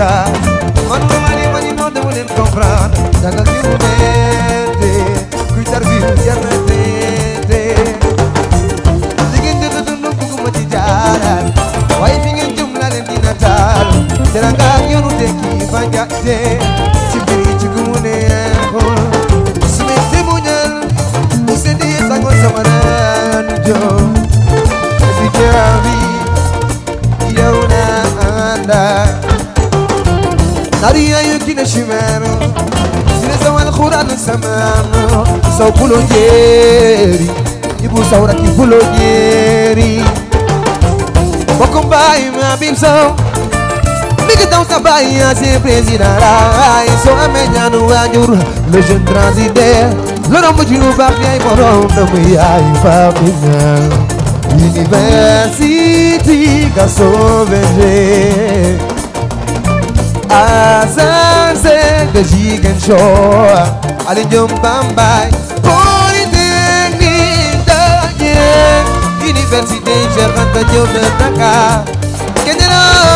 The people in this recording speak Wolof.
ja man ma mari ma ñu non dama leen comprendre da nga ki mu metti kuy tar bi jar na di dund nu bugguma ci jaaraat waaye fi ngeen jëm laa di nataal dara nga ak yoonu tekki no يكين شمانو سنزو القرآن سمانو سو بلو aqui يبو سورك بلو جيري وكم باي me que Então essa Bahia sempre ensinará Sou a minha no anjur Legion transité Lorom de uva Via e morom Não me ai Fabinha University Gassou vender Assane Seck de Ziguinchor Aliou Ndiom Bambey Polytechnique de Niel université Cheikh Anta Diop de Dakar